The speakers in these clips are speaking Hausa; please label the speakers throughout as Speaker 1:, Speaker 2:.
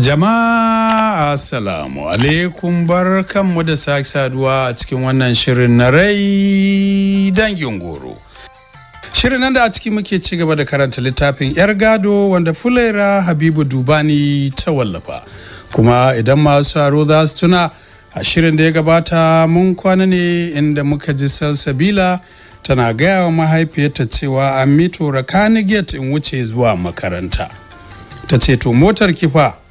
Speaker 1: Jama'a asalamu alaikum bar kanmu da sake saduwa a cikin wannan shirin na rai dangin goro. Shirin nan da a ciki muke ci gaba da karanta littafin 'yar gado wanda Fulaira Habibu Dubani ta wallafa. Kuma idan masu aro za su tuna a shirin da ya gabata mun kwana ne inda muka ji salsabila tana gaya wa mahaifiyarta cewa an mito rakanigate in wuce zuwa makaranta. Ta ce to motar kifa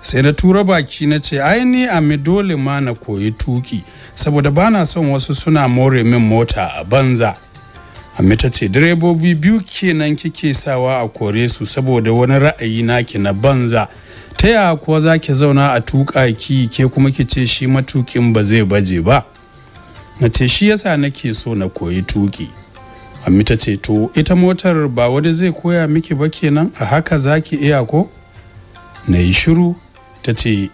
Speaker 1: sai na tura baki na ce ai ni a mi dole ma na koyi tuki saboda bana son wasu suna more min mota a banza amma ta ce direbobi biyu kenan kike sawa a kore su saboda wani ra'ayi naki na banza ta ya kuwa za ki zauna a tuka ki ke kuma ki ce shi matukin ba zai baje ba na ce shi yasa nake so na koyi tuki. amma ta ce to ita motar ba wani zai koya miki ba kenan a haka za ki iya ko na yi shiru ta ce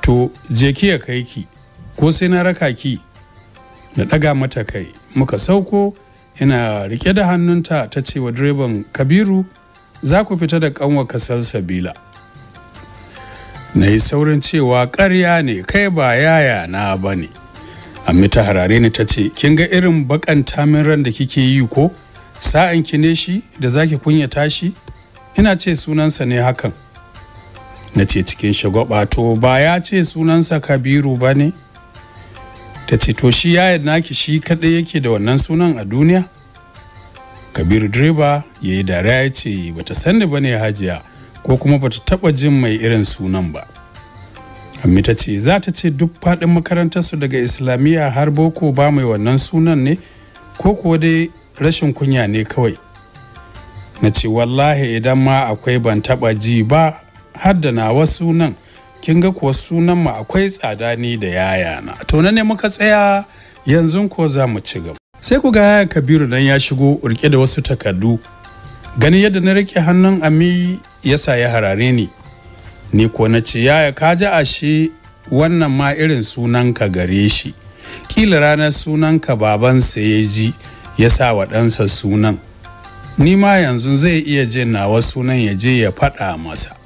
Speaker 1: to je ki ya kai ki ko sai na raka ki na daga mata kai muka sauko yana rike da hannunta ta ce wa direban kabiru za ku fita da kanwa kasar sabila na yi saurin cewa ƙarya ne kai ba yaya na ba ne amita harare ne ta ce kin ga irin bakan tamin ran da kike yi ko sa'an ki ne shi da zaki kunya tashi? ina ce sunansa ne hakan na ce cikin shagwaba to ba ya ce sunansa kabiru ba ne ta ce to shi ya naki shi kaɗai yake da wannan sunan a duniya kabiru direba ya yi dare ya ce ba ta sani ba ne hajiya ko kuma ba ta taɓa jin mai irin sunan ba amma ta ce za ta ce duk faɗin makarantarsu daga islamiyya har boko ba mai wannan sunan ne ko kuwa dai rashin kunya ne kawai na ce wallahi idan ma akwai ban taɓa ji ba Hadda na nan sunan kin ga kuwa sunan mu akwai tsada ne da yaya na to ne muka tsaya yanzu ko za mu ci gaba sai ku ga yaya kabiru nan ya shigo urke da wasu takardu gani yadda na rike hannun ami ya sa ya harare ni ni ko na ce yaya ka ji ashe wannan ma irin sunanka gare shi kila ranar sunanka babansa ya ji ya sa wa ɗansa sunan ni ma yanzu zai iya jin nawa sunan ya je ya faɗa masa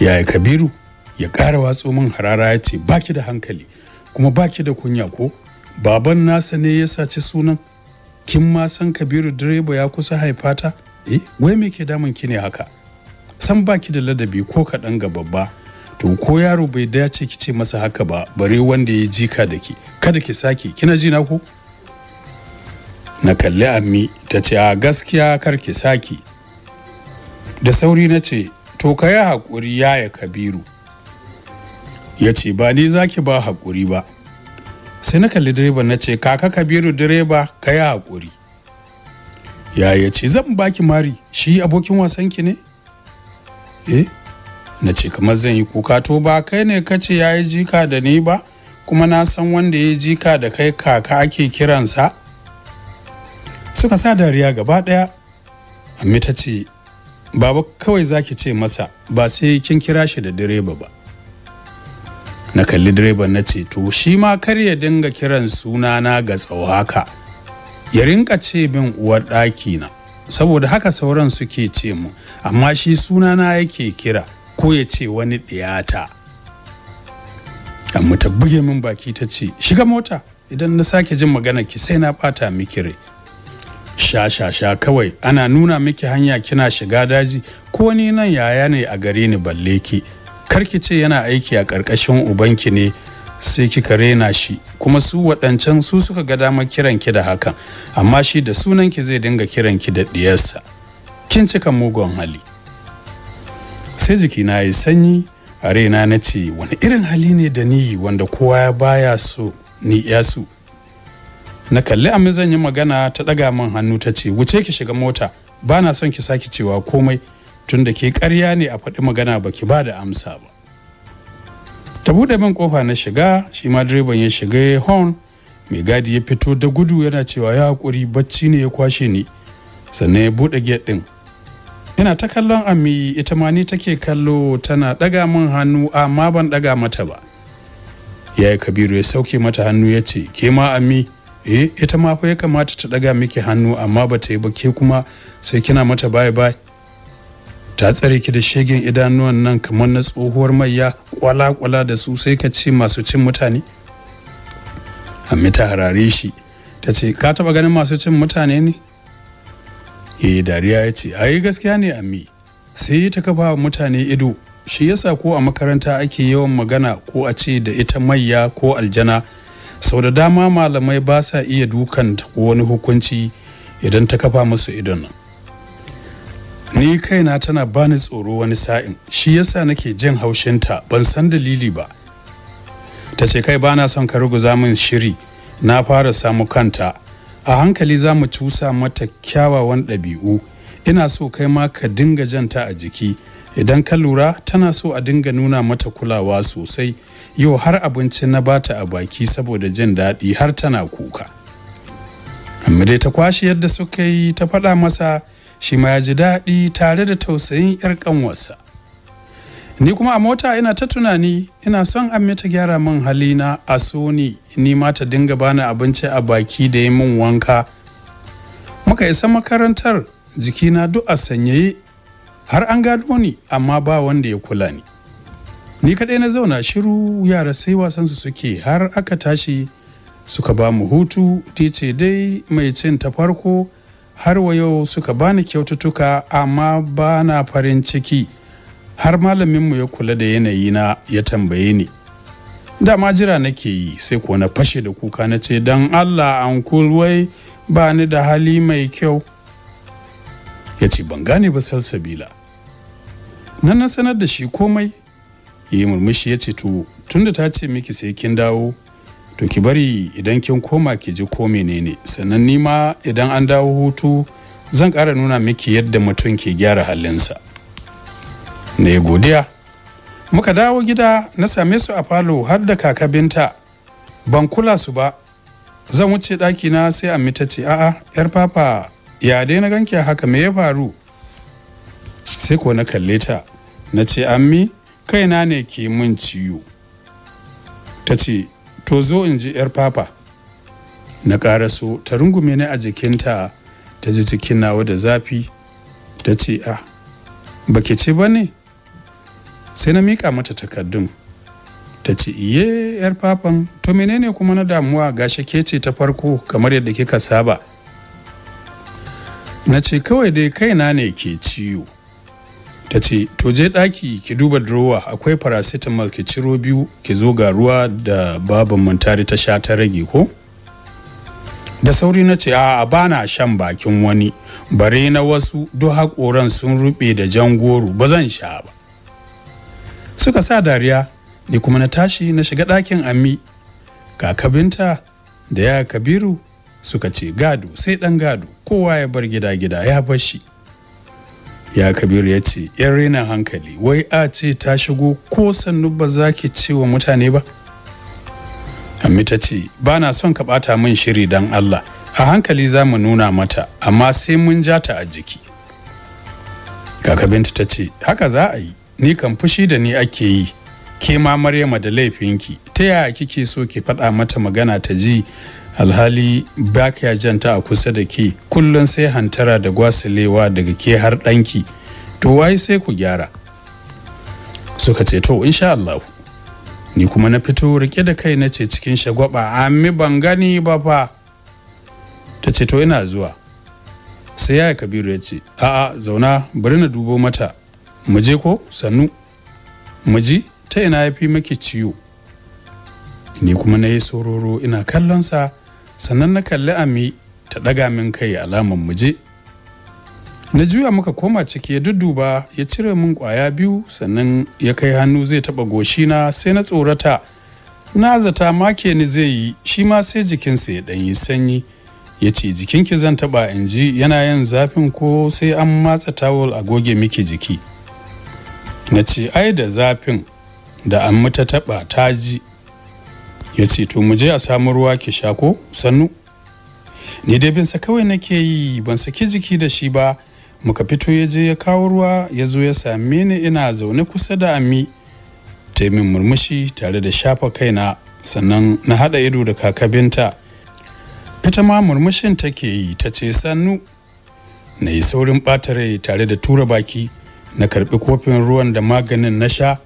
Speaker 1: yaya kabiru ya ƙara watso min harara ya ce baki da hankali kuma baki da kunya ko baban nasa ne ya saci sunan kin ma san kabiru direba ya kusa haifata eh wai me ke damun ki ne haka san baki da ladabi ko kaɗan ga babba to ko yaro bai dace ki ce masa haka ba bare wanda ya jika da ki kada ki sake kina ji na ko na kalli ammi ta ce a gaskiya kar ki saki da sauri na ce to ka yi haƙuri yaya kabiru ya ce ba ni za ki ba haƙuri ba sai na kalli direba na ce kaka kabiru direba ka yi haƙuri ya ya ce zan baki mari shi abokin wasanki ne eh na ce kamar zan yi kuka to ba kai ne ka ce ya yi jika da ni ba kuma na san wanda ya yi jika da kai kaka ake kiransa suka sa dariya gaba ɗaya amma ce baba kawai zaki ce masa ba sai kin kira shi da direba ba na kalli direban na ce to shi ma kar ya dinga kiran suna na ga tsawaka ya rinka ce bin uwar ɗaki na saboda haka sauran suke ce mu amma shi sunana yake kira ko ya ce wani ɗiyata amma ta buge min baki ta ce shiga mota idan na sake jin magana ki sai na ɓata miki rai sha-sha-sha kawai ana nuna miki hanya kina shiga daji ko ni nan yaya ne a gare ni balle ki karki ce yana aiki a ƙarƙashin ubanki ne sai kika rena shi kuma su waɗancan su suka ga damar ki da hakan amma shi da sunan ki zai dinga kiran ki da ɗiyarsa kin cika mugun hali sai jikina ya yi sanyi a rena na ce wani irin hali ne da ni wanda kowa ya baya so ni ya na kalli amin zan yi magana ta ɗaga min hannu ta ce wuce ki shiga mota ba na son ki saki cewa komai tunda ke karya ne a faɗi magana ba ki ba da amsa ba ta buɗe min ƙofa na shiga shi ma direban ya shiga horn mai gadi ya fito da gudu yana cewa ya haƙuri bacci ne ya kwashe ni sannan ya buɗe gate ɗin ina ta kallon ami ita ma ni take kallo tana ɗaga min hannu amma ban ɗaga mata ba yayi kabiru ya sauke mata hannu ya ce ke ma ami eh ita ma fa ya kamata ta daga miki hannu amma ba ta yi ba ke kuma sai kina mata bye bye ta tsare ki da shegen idanuwan nan kamar na tsohuwar maiya kwala-kwala da su sai ka ce masu cin mutane amma ta harare shi ta ce ka taba ganin masu cin mutane ne eh dariya ya ce ai gaskiya ne ammi sai ta kafa mutane ido shi yasa ko a makaranta ake yawan magana ko a ce da ita maiya ko aljana sau da dama malamai ba sa iya dukan wani hukunci idan ta kafa musu idon nan ni kaina tana bani tsoro wani sa'in shi yasa nake jin haushinta ban san dalili ba ta ce kai bana son ka ruguza min shiri na fara samu kanta a hankali za mu cusa mata kyawawan ɗabi'u ina so kai ma ka dinga janta a jiki idan ka lura tana so a dinga nuna mata kulawa sosai yau har abinci na bata a baki saboda jin daɗi har tana kuka amma dai ta kwashi yadda suka yi ta faɗa masa shi ma ya ji daɗi tare da tausayin 'yar ƙanwarsa ni kuma a mota ina ta tunani ina son amme ta gyara min halina a soni ni ma ta dinga bani abinci a baki da yi min wanka muka isa makarantar jikina duk a sanyaye har an gano ni amma ba wanda ya kula ni ni kaɗai na zauna shiru yara sai wasan su suke har aka tashi suka ba mu hutu tice dai mai cin ta farko har wa yau suka bani kyaututtuka amma ba na farin ciki har malamin mu ya kula da yanayi na ya tambaye ni dama jira nake yi sai kuwa na fashe da kuka na ce don allah an kulwai bani da hali mai kyau ya ce ban gane ba salsabila nan na sanar da shi komai yi murmushi ya ce tuwo. tunda ta ce miki sai kin dawo to ki bari idan kin koma ki ji ko menene sannan nima idan an dawo hutu zan ƙara nuna miki yadda mutum ke gyara halinsa na yi godiya muka dawo gida na same su a falo har da kaka binta ban kula su ba zan wuce ɗakina sai ammi ta ce a'a yar papa ya daina na ganki haka me ya faru sai ko na kalle ta na ce ammi kaina ne ke mun ciwo ta ce to zo in ji yar papa na ƙara so. ta rungume ni a jikinta ta ji cikin nawa da zafi ta ce a ah, baki ci ba ne sai na miƙa mata takardun ta ce iye yar papan to menene kuma na damuwa ga shake ce ta farko kamar yadda kika saba na ce kawai dai kaina ne ke ciwo ta ce to je daki ki duba drowa akwai paracetamol ki ciro biyu ki zo ga ruwa da baban mantari ta sha ta rage ko da sauri na ce a bana shan bakin wani bare na wasu duk hakoran sun ruɓe da jan goro ba zan sha ba suka sa dariya ni kuma na tashi na shiga ɗakin ammi kakabinta da ya kabiru suka ce gado sai dan gado kowa ya bar gida gida ya bar shi ya kabiru ya ce yan rena hankali wai a ce ta shigo ko sannu ba za ki ce wa mutane ba ammi ta ce ba na son ka bata min shiri dan allah a hankali za mu nuna mata amma sai mun ja ta a jiki kaka binta ta ce haka za a yi ni kan fushi da ni ake yi ke ma maryama da laifinki ta yaya kike so ki faɗa mata magana ta ji alhali ba ya janta a kusa da ke kullum sai hantara da gwasilewa daga ke har ɗanki to waye sai ku gyara suka ce to insha Allah ni kuma na fito rike da kai na ce cikin shagwaba ammi ban gani ba fa ta ce to ina zuwa sai ya kabiru ya ce a'a zauna bari na dubo mata muje ko sannu muji ta ina ya fi maki ciwo ni kuma na yi sororo ina kallonsa sannan na kalli ami ta ɗaga min kai alaman muje na juya muka koma ciki ya dudduba ya cire min ƙwaya biyu sannan ya kai hannu zai taɓa goshina sai na tsorata na zata make ni zai yi shi ma sai jikinsa ya ɗanyi sanyi ya ce jikinki zan taɓa in ji yana yin zafin ko sai an matsa tawul a goge miki jiki na ce ai da zafin da an ta taɓa ta ji ya ce to mu je a samu ruwa ki sha ko sannu ni dai binsa kawai nake yi ban saki jiki da shi ba muka fito ya je ya kawo ruwa ya zo ya same ni ina zaune kusa da ami ta yi min murmushi tare da shafa kaina sannan na haɗa ido da kakabinta ita ma murmushin take yi ta ce sannu na yi saurin ɓatare tare da tura baki na karɓi kofin ruwan da maganin na sha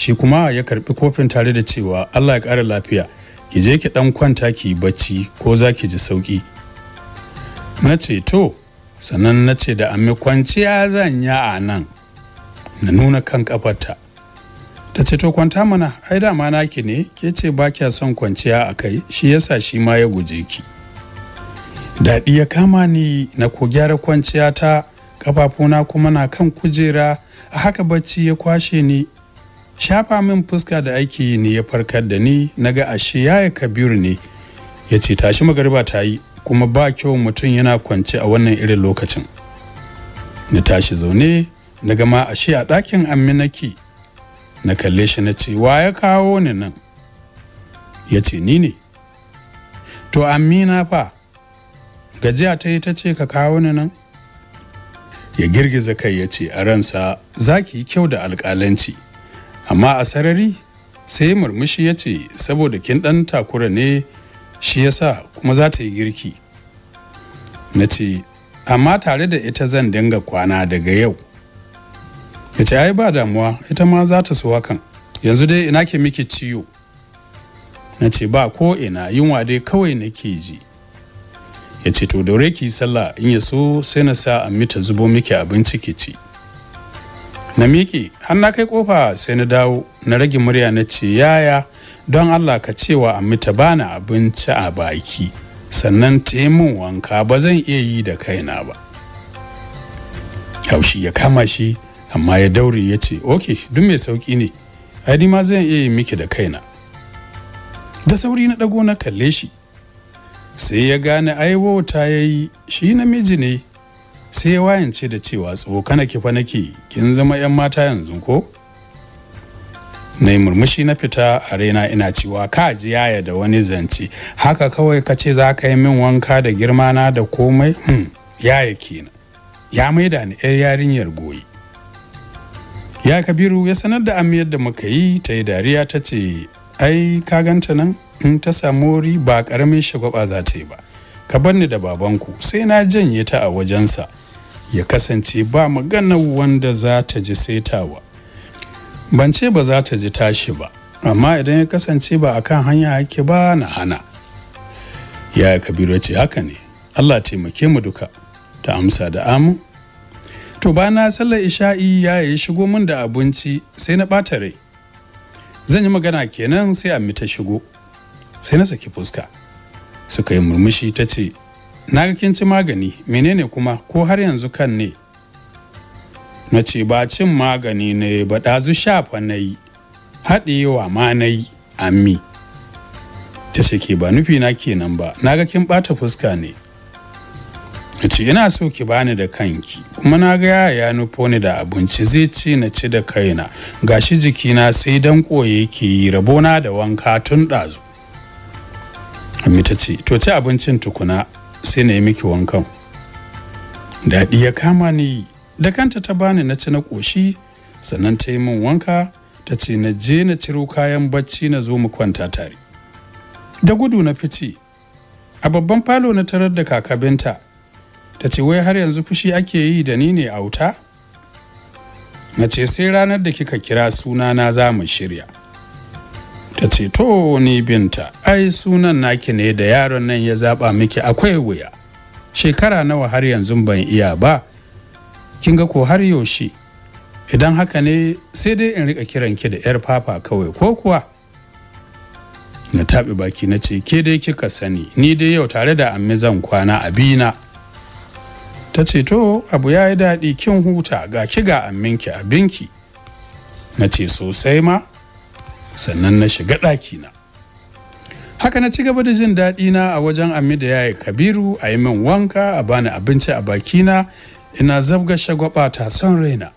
Speaker 1: shi kuma ya karbi kofin tare da cewa Allah ya ƙara lafiya ki je ki dan kwanta ki bacci ko za ki ji sauki na ce to sannan na ce da amme kwanciya zan ya a nan na nuna kan kafarta ta ce to kwanta mana ai dama naki ne ke ce ba kya son kwanciya a kai shi yasa shi ma ya guje ki daɗi ya kama ni na ko gyara kwanciya ta kafafuna kuma na kan kujera a haka bacci ya kwashe ni shafa min fuska da aiki ne ya farkar da ni na ga ashe yaya kabiru ne ya ce tashi magariba ta yi kuma ba kyau mutum yana kwance a wannan irin lokacin na tashi zaune na gama ashe a ɗakin Aminaki. na kalle shi na ce wa ya kawo ni nan ya ce ni ne to amina fa gajiya ta yi ta ce ka kawo ni nan ya girgiza kai ya ce a ransa za ki yi kyau da alƙalanci amma a sarari sai murmushi ya ce saboda kin ɗan takura ne shi yasa kuma za ta yi girki na ce amma tare da ita zan dinga kwana daga yau ya ce ai ba damuwa ita ma za ta so hakan yanzu dai ina ke miki ciwo na ce ba ko ina yunwa dai kawai nake ji ya ce to daure ki sallah in ya so sai na sa a mita zubo miki abinci ki ci na miƙe har na kai kofa sai na dawo na rage murya na ce yaya don allah ka cewa a mita bana abinci a baki sannan taimun wanka ba zan iya yi da kaina ba haushi ya kama shi amma ya daure ya ce ok duk mai sauki ne ai ma zan iya yi miki da kaina da sauri na ɗago na kalle shi sai ya gane ai wauta ya yi shi namiji ne sai ya wayance da cewa Kana ki fa nake kin zama yan mata yanzu ko na murmushi na fita a raina ina cewa ka ji yaya da wani zance haka kawai ka ce za ka yi min wanka da girma na da komai hmm. yaya kenan ya maida ni yar yarinyar goyi ya kabiru ya sanar da amiyar da muka yi ta yi dariya ta ce ai ka ganta nan in ta samu wuri ba karamin shagwaba za ta yi ba ka bar ni da babanku sai na janye ta a wajensa ya kasance ba magana wanda za ta ji saitawa ban ce ba za ta ji tashi ba amma idan ya kasance ba a kan hanya ake ba na hana ya kabiru ce haka ne allah taimake mu duka ta amsa da amu to ba na sallar isha'i ya yi shigo min da abinci sai na ɓata rai zan yi magana kenan sai a mita shigo sai na saki fuska suka yi murmushi ta ce na ga kin ci magani menene kuma ko har yanzu kan ne na ce ba cin magani ne ba ɗazu shafa na yi haɗewa ma na yi ammi ta ce ke ba nufi na kenan ba na ga kin ɓata fuska ne na ce ina so ki bani da kanki kuma na ga ya nufo ni da abinci zai ci na ci da kaina Ga gashi jikina sai dan koye ke yi rabona da wanka tun ɗazu ammi ce to ci abincin tukuna sai na yi miki wankan daɗi ya kama ni da kanta ta bani na ci na ƙoshi sannan ta yi min wanka ta ce na je na ciro kayan bacci na zo mu kwanta tare da gudu na fice a babban falo na tarar da kakabinta ta ce wai har yanzu fushi ake yi da ni ne a wuta na ce sai ranar da kika kira sunana za mu shirya ta ce to ni binta ai sunan naki ne da yaron nan ya zaba miki akwai wuya shekara nawa har yanzu ban iya ba kin ga ko har yaushe idan haka ne sai dai in rika ki da yar papa kawai ko kuwa na taɓi baki na ce ke dai kika sani ni dai yau tare da amme zan kwana a bina ta ce to abu ya yi daɗi kin huta ga ki ga amminki abinki na ce sosai ma sannan na shiga ɗakina haka na ci gaba da jin daɗi na a wajen amida ya yi kabiru a yi min wanka a bani abinci a bakina ina zabga shagwaba ta son raina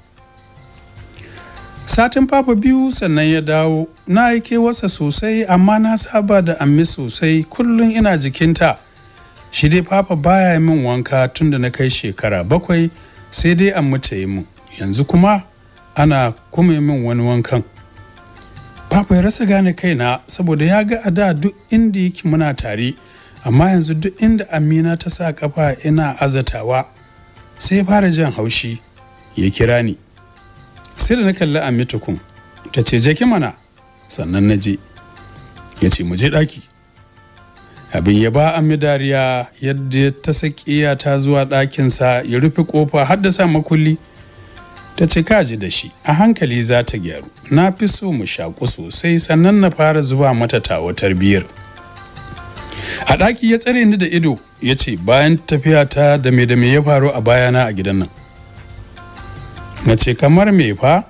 Speaker 1: satin fafa biyu sannan ya dawo na yi wasa sosai amma na saba da ami sosai kullum ina jikinta shi dai fafa baya min wanka tun da na kai shekara bakwai sai dai an mutu yi min, yanzu kuma ana kuma yi min wani wankan ba ya rasa gane kaina saboda ya ga a da duk inda yake muna tare amma yanzu duk inda amina ta sa kafa ina azatawa sai ya fara jan haushi ya kira ni sai da na kalli kun. ta ce je ki mana sannan na je ya ce mu je ɗaki abin ya ba ami dariya yadda ta sakiya ta zuwa ɗakinsa ya rufe ƙofa har da sa makulli ta ce kaji da shi a hankali za ta gyaru na fi so mu shaƙu sosai sannan na fara zuba mata tawa tarbiyyar a ɗaki ya tsare ni da ido ya ce bayan tafiya ta da me da me ya faru a bayana a gidan nan na ce kamar me fa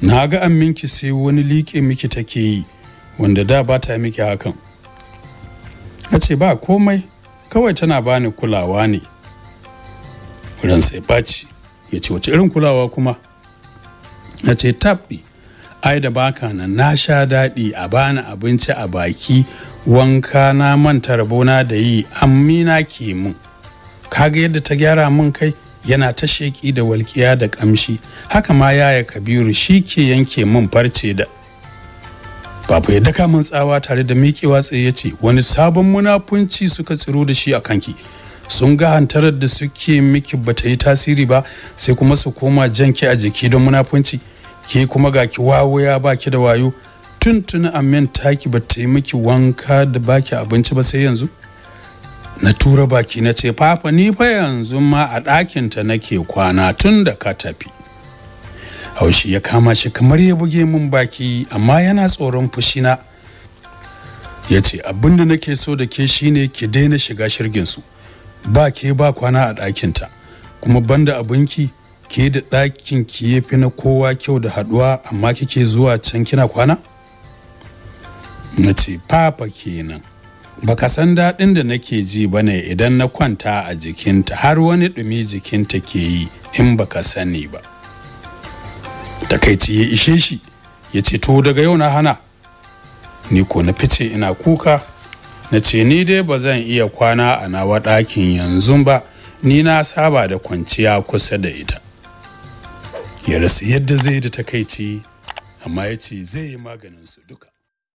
Speaker 1: na ga an minki sai wani liƙe miki take yi wanda da ba ta miki hakan na ce ba komai kawai tana bani kulawa ne ransai ba ce ya ce wace irin kulawa kuma na ce tabi ai da baka na na sha daɗi a bani abinci a baki wanka na manta rabona da yi amina ke mun kaga yadda ta gyara mun kai yana ta sheƙi da walƙiya da ƙamshi haka ma yaya kabiru shi ke yanke mun farce da Babu yadda daka mun tsawa tare da miƙewa tsaye ya ce wani sabon munafunci suka tsiro da shi a kanki sun ga hantarar da suke miki bata yi tasiri ba sai kuma su koma janki a jiki don munafunci ke kuma ga ki wawaya ba ki da wayo tuntuni amin taki bata yi miki wanka da baki abinci ba sai yanzu na tura baki na ce fafa ni fa yanzu ma a ɗakinta nake kwana tun da ka tafi haushi ya kama shi kamar ya buge min baki amma yana tsoron fushina ya ce abinda nake so da ke shine ki daina shiga shirgin su ba ke ba kwana a ɗakinta kuma banda abinki ke da ɗakin ki ya fi na kowa kyau da haɗuwa amma kike zuwa can kina kwana? nace ce papa kenan baka san daɗin da nake ji ba ne idan na kwanta a jikinta har wani ɗumi jikinta ke yi in baka sani ba takaici ya ishe shi ya ce to daga yau na hana ni ko na fice ina kuka na ce ni dai ba zan iya kwana a nawa ɗakin yanzu ba ni na saba da kwanciya kusa da ita ya rasu yadda zai da takaici amma ya ce zai yi maganin su duka